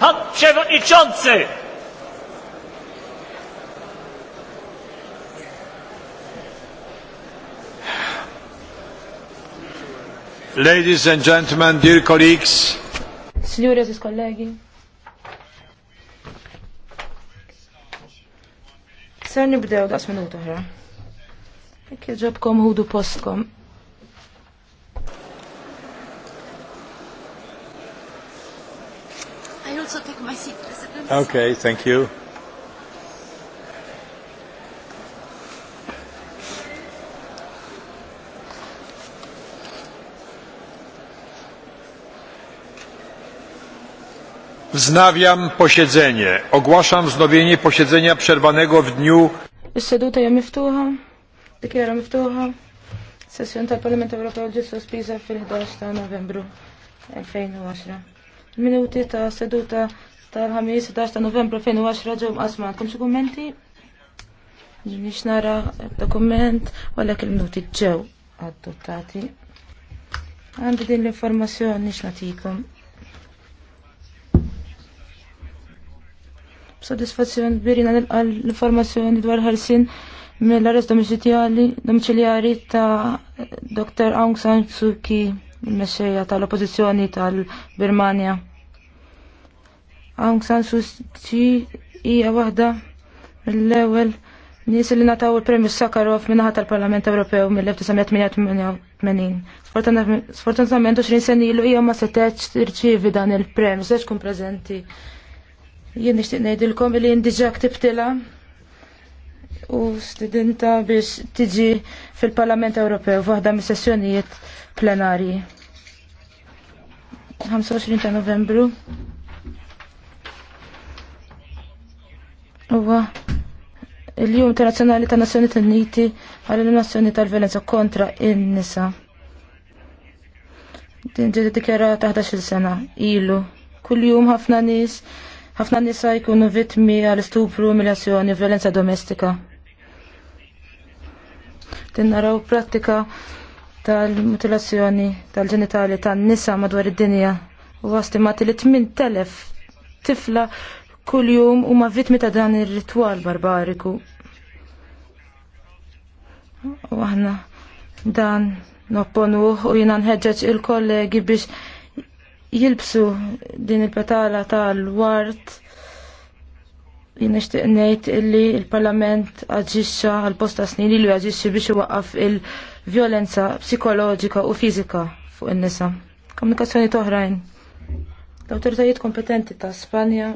Pan Przewodniczący! Ladies and gentlemen, dear colleagues. Signore e colleghi. Ser nibdew das minuta ħra. Ekk ġobkom hudu postkom. also take my seat, President. Okay, thank you. Wznawiam posiedzenie. Ogłaszam wznowienie posiedzenia przerwanego w dniu. seduta ja miftuha, dekiera miftuha, sesjonta Parlamentu Europejskiego spisa w sospiża 11 Novembru 2010. Minuti ta' seduta tal-ħamis 11 ta' novembru 2010 ġew qasma. Kom xi kummenti? Nix nara dokument għalhekk il-minuti ġew adottati. Għandi din l-informazzjoni nix natikom. B'sodisfazzjon birina l-informazzjoni dwar ħarsin mill-arrest domiciliari ta' Dr. Aung San Suu Kyi il-messeja tal-oppożizzjoni tal-Birmania. Aung San Suu Kyi hija waħda mill-ewwel nies li nataw il-Premju Sakharov minnaħa tal-Parlament Ewropew mill-1988. Sfortunatament 20 sen ilu hija ma setgħetx tirċievi dan il-premju, sex kun preżenti. Jien nixtieq ngħidilkom li jien diġà ktibtilha u studenta biex tiġi fil-Parlament Ewropew waħda mis sessjonijiet plenarji. 25 ta' novembru. Huwa il-Jum Internazzjonali ta' Nazzjonijiet Uniti għal eliminazzjoni tal-violenza kontra in-nisa. Din ġiet ta' 11-il sena ilu. Kull jum ħafna nies Ħafna nisa jkunu vittmi għal stupru, umiljazzjoni, violenza domestika. Tinnaraw prattika tal-mutilazzjoni tal-ġenitali tan-nisa madwar id-dinja u għastimati li 8000 tifla kuljum huma vittmi ta' dan ir-ritwal barbariku. U aħna dan nopponu u jina nħeġġeġ il-kollegi biex jilbsu din il-petala tal-wart jinnishtiq ngħid illi il-Parlament aġixxa għal posta snin li aġixxi biex iwaqqaf il-vjolenza psikoloġika u fiżika fuq in-nisa. Komunikazzjoni toħrajn. L-awtoritajiet kompetenti ta' Spanja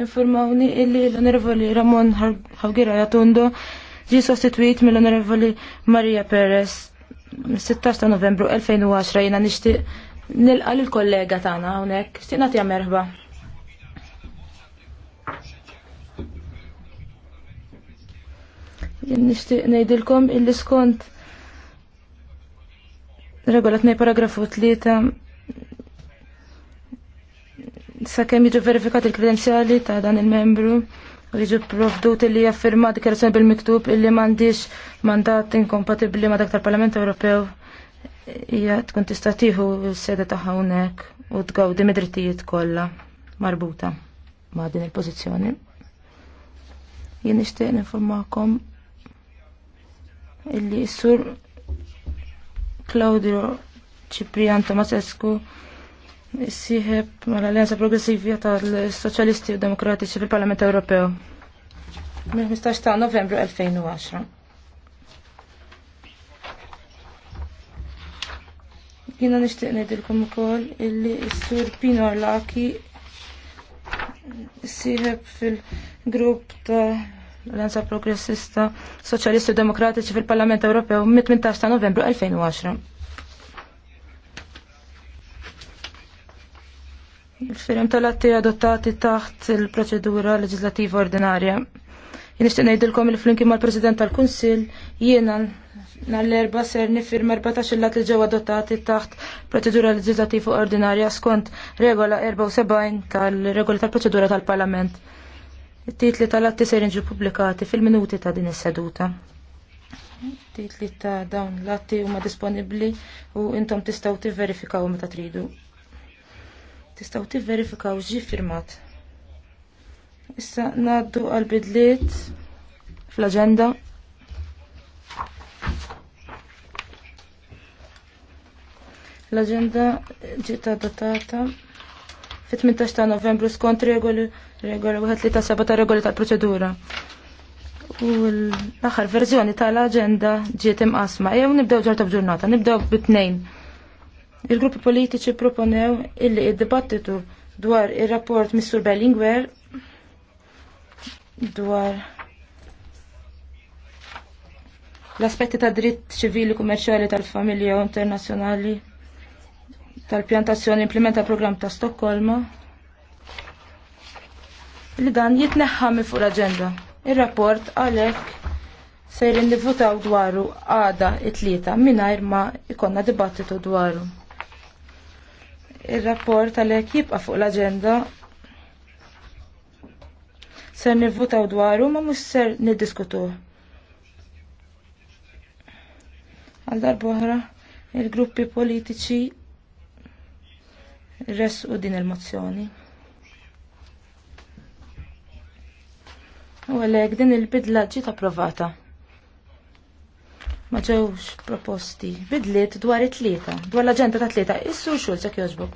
informawni illi l-onorevoli Ramon Hawgira Jatundo ġi sostituit mill-onorevoli Maria Perez 16 ta' novembru 2010 jena nixtieq nilqa l kollega tagħna hawnhekk, stina nagħtiha merħba. Jien nixtieq ngħidilkom illi skont regola tnej paragrafu tlieta sakemm jiġu verifikat il-kredenzjali ta' dan il-membru Riġu provdut li jaffirma dikjarazzjoni bil-miktub illi m'għandix mandat inkompatibbli ma' dak tal-Parlament Ewropew hija tkun tista' tieħu s-seda tagħha hawnhekk u tgawdi mid-drittijiet kollha marbuta ma' din il-pożizzjoni. Jien nixtieq ninformakom illi s-sur Claudio Ciprian Tomasescu Siħeb mal-Alleanza Progressivja tal-Soċjalisti u Demokratiċi fil-Parlament Ewropew mill-15 ta' Novembru 2010. Jiena nixtieq ngħidilkom ukoll illi s-sur Pino Arlaki siħeb fil-grupp ta' l-Alleanza Progressista Soċjalisti u Demokratiċi fil-Parlament Ewropew mit-18 ta' Novembru 2010. il-firem tal-atti adottati taħt il-proċedura leġislativa ordinarja. Nishtiq ngħidilkom il-flinki mal-President tal-Kunsill jiena nall-erba ser nifirm 14 il-lat li ġew adottati taħt proċedura leġislativa ordinarja skont regola 74 tal-regola tal-proċedura tal-Parlament. It-titli tal-atti ser jiġu pubblikati fil-minuti ta' din is-seduta titli ta' dawn l-atti huma disponibbli u intom tistgħu tivverifikaw meta tridu. Tistaw tivverifikaw ġi firmat. Issa naddu għal-bidliet fl-agenda. L-agenda ġiet datata fit-18 ta' novembru skont regoli regoli wieħed li ta' seba ta' regoli tal-proċedura. U l-aħħar verżjoni tal-agenda ġiet imqasma. Ejw nibdew ġarta b'ġurnata, nibdew bit-tnejn. Il-gruppi politiċi proponew illi id-dibattitu dwar il-rapport Mr. Bellingwer dwar l-aspetti ta' dritt ċivili kummerċjali tal-familja u internazzjonali tal-pjantazzjoni implementa program ta' Stokkolma li dan jitneħħa fuq l-agenda. Il-rapport għalek sejrin nivvutaw dwaru għada it-tlieta minnajr ma ikonna dibattitu dwaru. Il-rapport għalhekk jibqa' fuq l-aġenda ser nivvutaw dwaru ma mhux ser niddiskutuh. Għal oħra il-gruppi politiċi resqu din il-mozzjoni. U għalhekk din il-bidla ġiet approvata ma ġewx proposti bidliet dwar it-tlieta, dwar l-aġenda ta' tlieta, issu xul, sekk jogħġbok.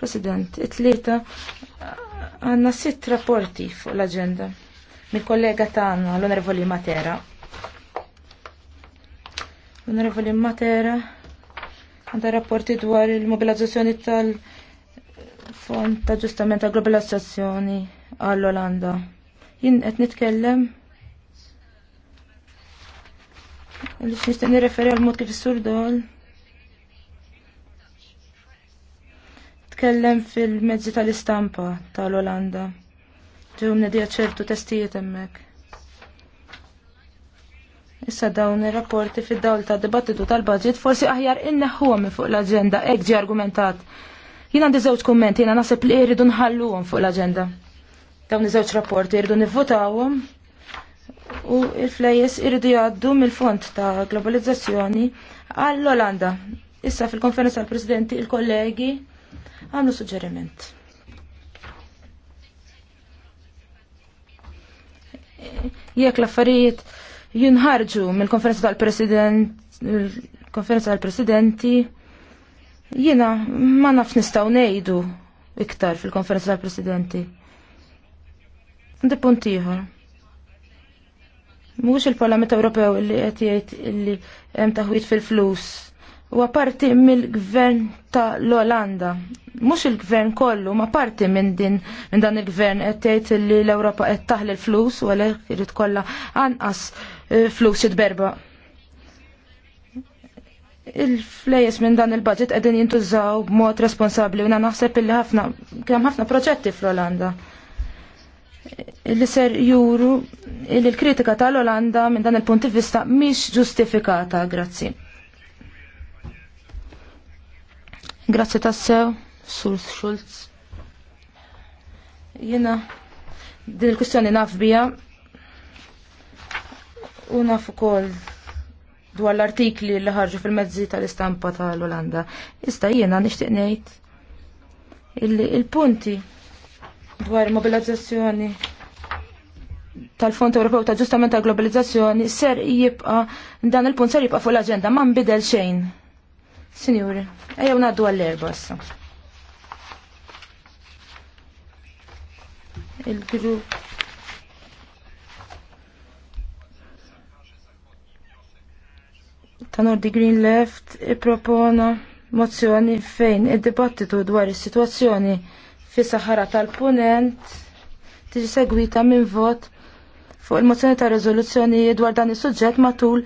President, it-tlieta għandna sitt rapporti fuq l-aġenda mill-kollega tagħna l-Onorevoli Matera. L-Onorevoli Matera għandha rapporti dwar il-mobilizzazzjoni tal-Fond ta' ġustament ta' globalizzazzjoni għall-Olanda. Jien qed nitkellem li nixtieq nirreferi għal mod kif is-sur dol. Tkellem fil-mezzi tal-istampa tal-Olanda. Ġew nedija ċertu testijiet hemmhekk. Issa dawn ir-rapporti fid-dawl ta' dibattitu tal-budget forsi aħjar inneħħuhom minn fuq l-aġenda hekk argumentat. Jien għandi żewġ kummenti, jiena naħseb li jridu nħalluhom fuq l-aġenda. Dawn iż-żewġ rapporti irdu nivvotawhom u il-flejes irridu jgħaddu mill-fond ta' globalizzazzjoni għall-Olanda. Issa fil-konferenza tal-Presidenti il-kollegi għamlu suġġeriment. Jekk l-affarijiet jinħarġu mill-konferenza tal-President konferenza tal-Presidenti jiena ma nafx nistgħu ngħidu iktar fil-konferenza tal-Presidenti. Għandi puntiħor. Mux Mhux il-Parlament Ewropew li qed jgħid li hemm taħwit fil-flus. Huwa parti mill-gvern ta' l-Olanda. Mhux il-gvern kollu, ma parti minn din minn dan il-gvern qed jgħid li l-Ewropa qed taħli l-flus u għalhekk irid kollha anqas eh, flus jitberba il-flejes minn dan il-budget qegħdin jintużaw b'mod responsabbli u naħseb illi ħafna kemm ħafna proġetti fl-Olanda li ser juru li l-kritika tal-Olanda minn dan il-punti vista mhix ġustifikata, grazzi. Grazzi tassew, Sur Schulz. Jena, din il-kustjoni naf bija u naf ukoll dwar l-artikli li ħarġu fil-mezzi tal-istampa tal-Olanda. Ista jiena nixtieq ngħid il-punti il punti dwar mobilizzazzjoni tal-Fond Ewropew ta' ġustament ta' globalizzazzjoni ser jibqa' dan il-punt ser jibqa' fuq l-aġenda ma nbidel xejn. Sinjuri, ejjew ngħaddu għall-erba' issa. Il-grupp ta' Nordi Green Left ippropona mozzjoni fejn id-dibattitu dwar is-sitwazzjoni fis-Sahara tal-Punent tiġi segwita minn vot fuq il-mozzjoni ta' rezoluzzjoni dwar dan is-suġġett matul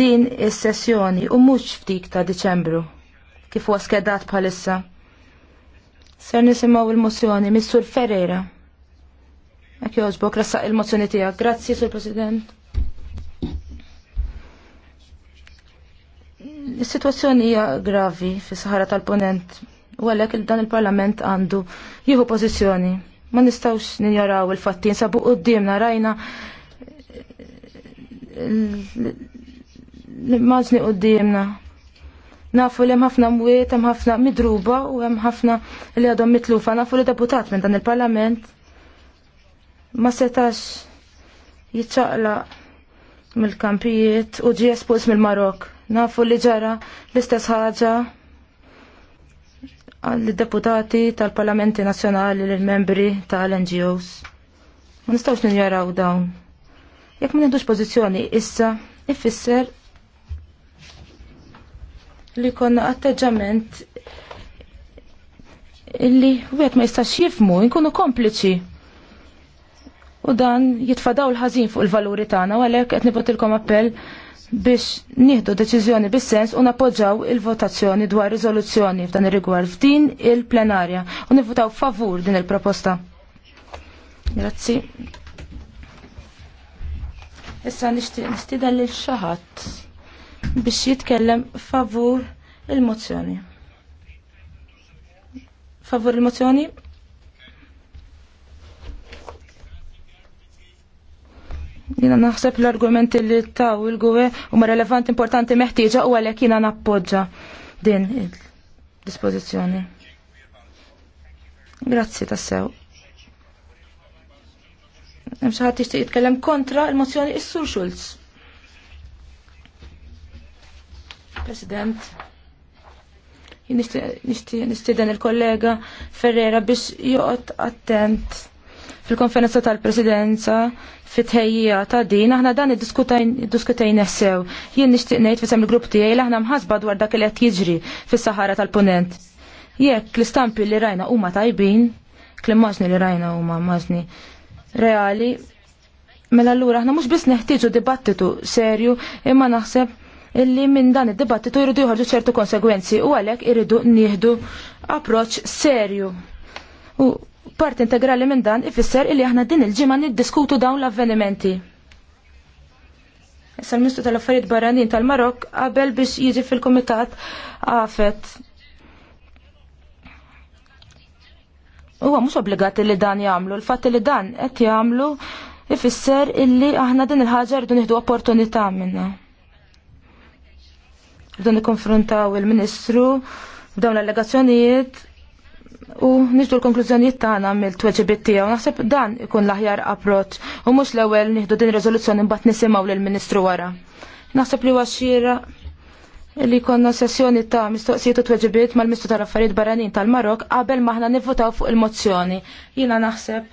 din is-sessjoni u mhux ftik ta' Diċembru kif huwa skedat bħalissa. Ser nisimgħu il-mozzjoni Missur sur Ferreira. Jekk jogħġbok rassaq il-mozzjoni tiegħek. Grazzi, Sur President. Is-sitwazzjoni hija gravi fis-Sahara tal-Punent U għalhekk dan il-Parlament għandu jieħu pożizzjoni. Ma nistgħux ninjaraw il u d-dimna rajna l d-dimna. Nafu li hemm ħafna mwiet, hemm ħafna midruba u hemm ħafna li għadhom mitlufa. Nafu li deputat minn dan il-Parlament ma setax jiċċaqla mill-kampijiet u ġie espus mill-Marok. Nafu li ġara l-istess ħaġa għal-deputati tal-parlamenti nazjonali l-membri tal-NGOs. Ma nistawx ninjaraw dawn. Jekk ma nindux pozizjoni issa, ifisser li konna atteġġament illi wieħed ma jistax jifmu, jinkunu kompliċi. U dan jitfadaw l-ħażin fuq il-valuri tagħna, u għalhekk qed nipotilkom appell biex nieħdu deċiżjoni bis-sens u napoġġaw il-votazzjoni dwar riżoluzzjoni f'dan ir-rigward f'din il-plenarja u nivvutaw favur din il-proposta. Grazzi. Issa nistida lil xi ħadd biex jitkellem favur il-mozzjoni. Favur il-mozzjoni? Jina naħseb l-argumenti li taw il-gwe u ma relevant importanti meħtieġa u għalek jina nappoġġa din il-dispozizjoni. Grazzi tassew. Hemm xi ħadd jixtieq jitkellem kontra il-mozzjoni is-Sur Schulz. President, nistiden il-kollega Ferrera biex joqgħod attent fil-konferenza tal-presidenza fit ħejja ta' din, aħna dan id-diskutajn sew. Jien nixtieq ngħid fisem il-grupp tiegħi li aħna mħasba dwar dak li qed jiġri fis-Sahara tal-Punent. Jekk l-istampi li rajna huma tajbin, klimmaġni li rajna huma maġni reali, mela allura aħna mhux biss neħtieġu dibattitu serju imma naħseb illi minn dan id-dibattitu jridu juħarġu ċertu konsegwenzi u għalhekk irridu nieħdu approċċ serju. U Part integrali minn dan ifisser illi aħna din il-ġimgħa niddiskutu dawn l-avvenimenti. Issa l-Ministru tal-Affarijiet Barranin tal-Marok qabel biex jiġi fil-Kumitat għafet. Huwa mhux obbligati li dan jagħmlu, l-fatt li dan qed jagħmlu ifisser illi aħna din il-ħaġa rridu nieħdu opportunità minnha. Rridu nikkonfrontaw il-Ministru b'dawn l-allegazzjonijiet u nixdu l-konklużjonijiet tagħna mill-tweġibiet tiegħu. Naħseb dan ikun l-aħjar approċċ u mhux l-ewwel nieħdu din riżoluzzjoni mbagħad nisimgħu lill-Ministru wara. Naħseb li huwa li konna sessjoni ta' mistoqsijiet u tweġibiet mal-Ministru tal-Affarijiet Barranin tal-Marok qabel ma aħna nivvotaw fuq il-mozzjoni. Jiena naħseb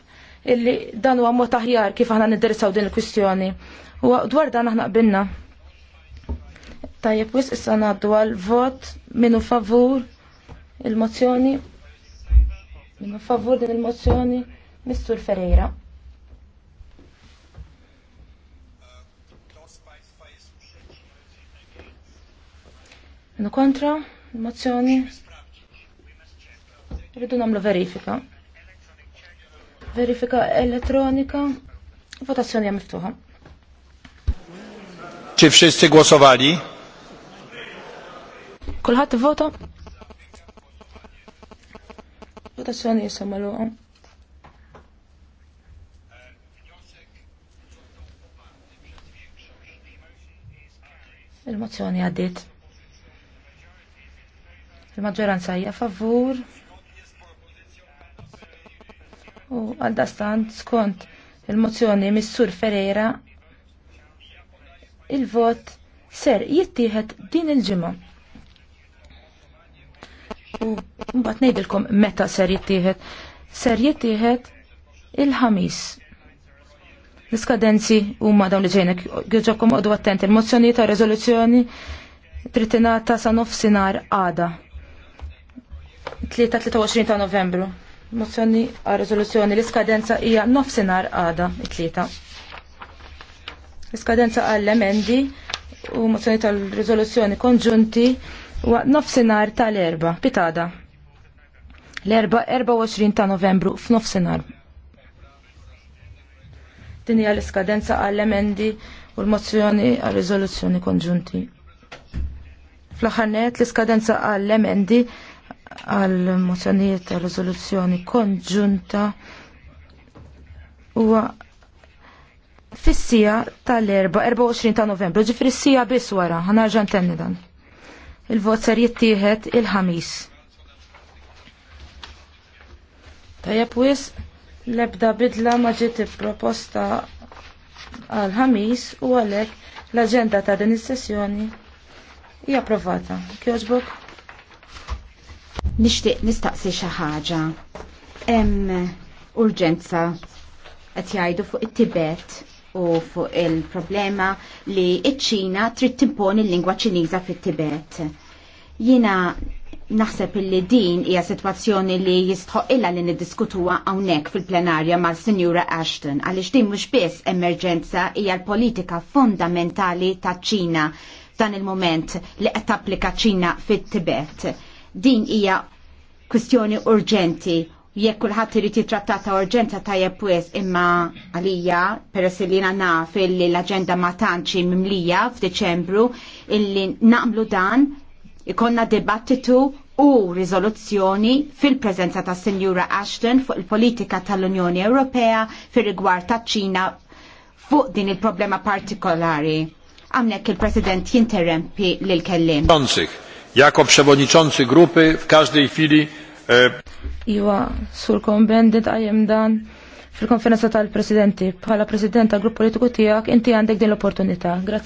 illi dan huwa mod aħjar kif aħna niddersaw din il-kwistjoni. U dwar dan aħna qbilna. Tajjeb, wis issa ngħaddu għal vot minu favur il-mozzjoni Minu favur din il-mozzjoni, Mr. Ferreira. Minu kontra, il-mozzjoni. Rridu namlu verifika. Verifika elettronika. Votazzjoni għam miftuħa. Ċi wszyscy głosowali? Kulħat vota? Votazzjoni issa magħluqa. Il-mozzjoni għaddit. Il-maġġoranza hija favur. U għaldastant skont il-mozzjoni Missur Ferreira il-vot ser jittieħed din il-ġimgħa. U mbagħad ngħidilkom meta ser jittieħed. Ser jittieħed il-ħamis. L-iskadenzi huma dawn li ġejnek ġobkom qodu attenti il mozzjonijiet ta' riżoluzzjoni trittinata sa' nofsinhar għada. 3-23 ta' novembru. Mozzjoni għal riżoluzzjoni l-iskadenza hija nofsinhar għada it-tlieta. L-iskadenza għall-emendi u mozzjoni tal-riżoluzzjoni konġunti waqt nofsinhar tal-erba, pitada. L-erba 24 ta' Novembru f'nofsinhar. Din hija l-iskadenza għall-emendi u l-mozzjoni għal rizoluzzjoni konġunti. Fl-aħħar l-iskadenza għall-emendi għall-mozzjonijiet għal-riżoluzzjoni konġunta huwa f'issija tal erba 24 ta' Novembru, ġifri sija biss wara, ħanarġa ntenni dan. Il-vot ser jittieħed il-ħamis. Tajab wis l-ebda bidla ma ġiet proposta għal-ħamis u għalhekk l-aġenda ta' din is-sessjoni hija approvata. Kjoġbok? Nixtieq nistaqsi xi ħaġa. Hemm urġenza qed jgħidu fuq it-Tibet u fuq il-problema li iċ-Ċina trid timponi l-lingwa Ċiniża fit-Tibet. Jiena naħseb illi din hija sitwazzjoni li jistħoq illa li niddiskutuha hawnhekk fil-plenarja mal-Sinjura Ashton għaliex din mhux biss emerġenza hija l-politika fondamentali taċ-Ċina f'dan il-moment li qed tapplika ċina fit-Tibet. Din hija kwistjoni urġenti jekk kulħadd irid jitrattata urġenza tajjeb wis imma għalija peress li jiena naf illi l-aġenda ma tantxi mimlija f'Diċembru illi naqblu dan ikonna dibattitu u riżoluzzjoni fil-preżenza ta' Sinjura Ashton fuq il-politika tal-Unjoni Ewropea fir-rigward ta' Ċina fuq din il-problema partikolari. Għamnek il-President jinterrempi lil-kellim. Jakob Przewodniczący grupy w każdej chwili e, Iwa, sur kombendit għajem dan fil-konferenza tal-presidenti. Bħala president tal-grupp politiku tijak, inti għandek din l-opportunità. Grazie.